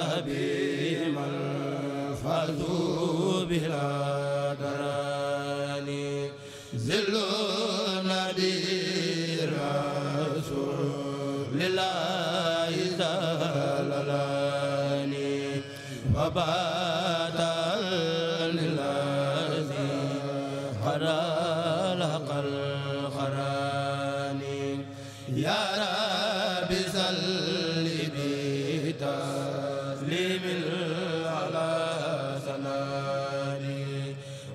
تبيما فازوا بلا دراني ذل نذير رسول الله سلالاني وبات للذي خرى لقى القراني يا رب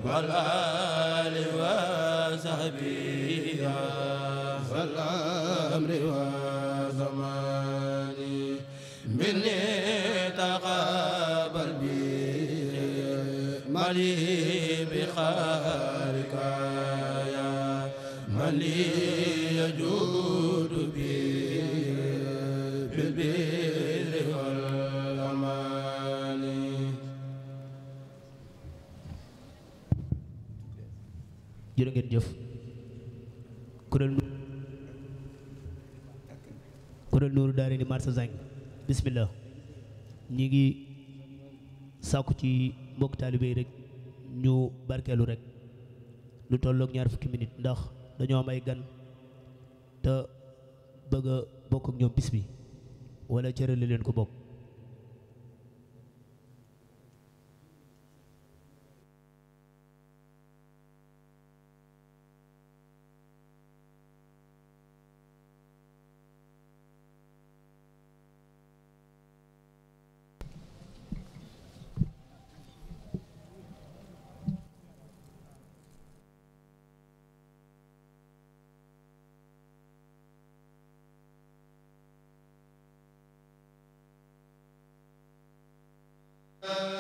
والآل وصحبه والأمر والزمان مني تقابل بي مالي بخارك يا من لي يجود بي بالبيت jërë ngeen jëf kuréel kuréel Nuuru Daarayni marché Zeng bismillah ñi ngi sàkku ci mbokk taalibe rek ñu barkeelu rek lu tolloog ñaar fukki minute ndax dañoo am ay gan te bëgg a bokk ak ñoom bis bi wala cërale leen ko bokk Thank you.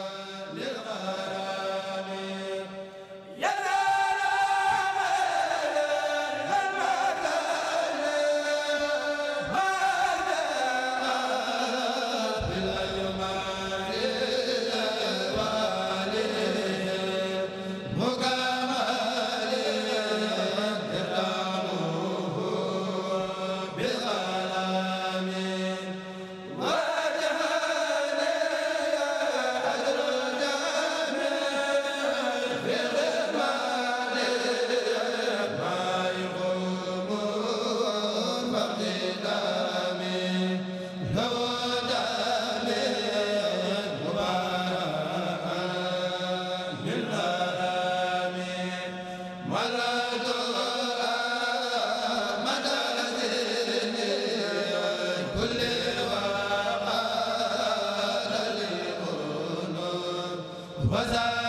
waza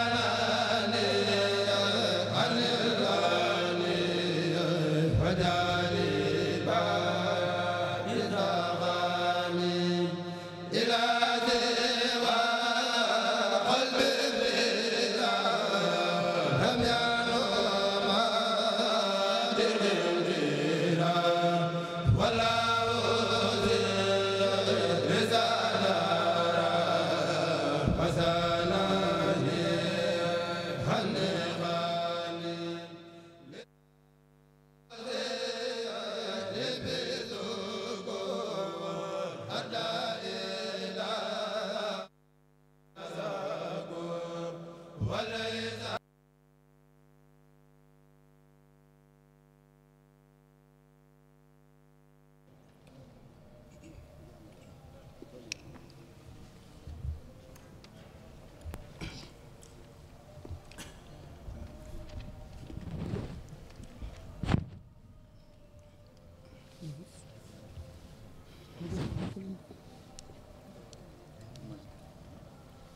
Hasana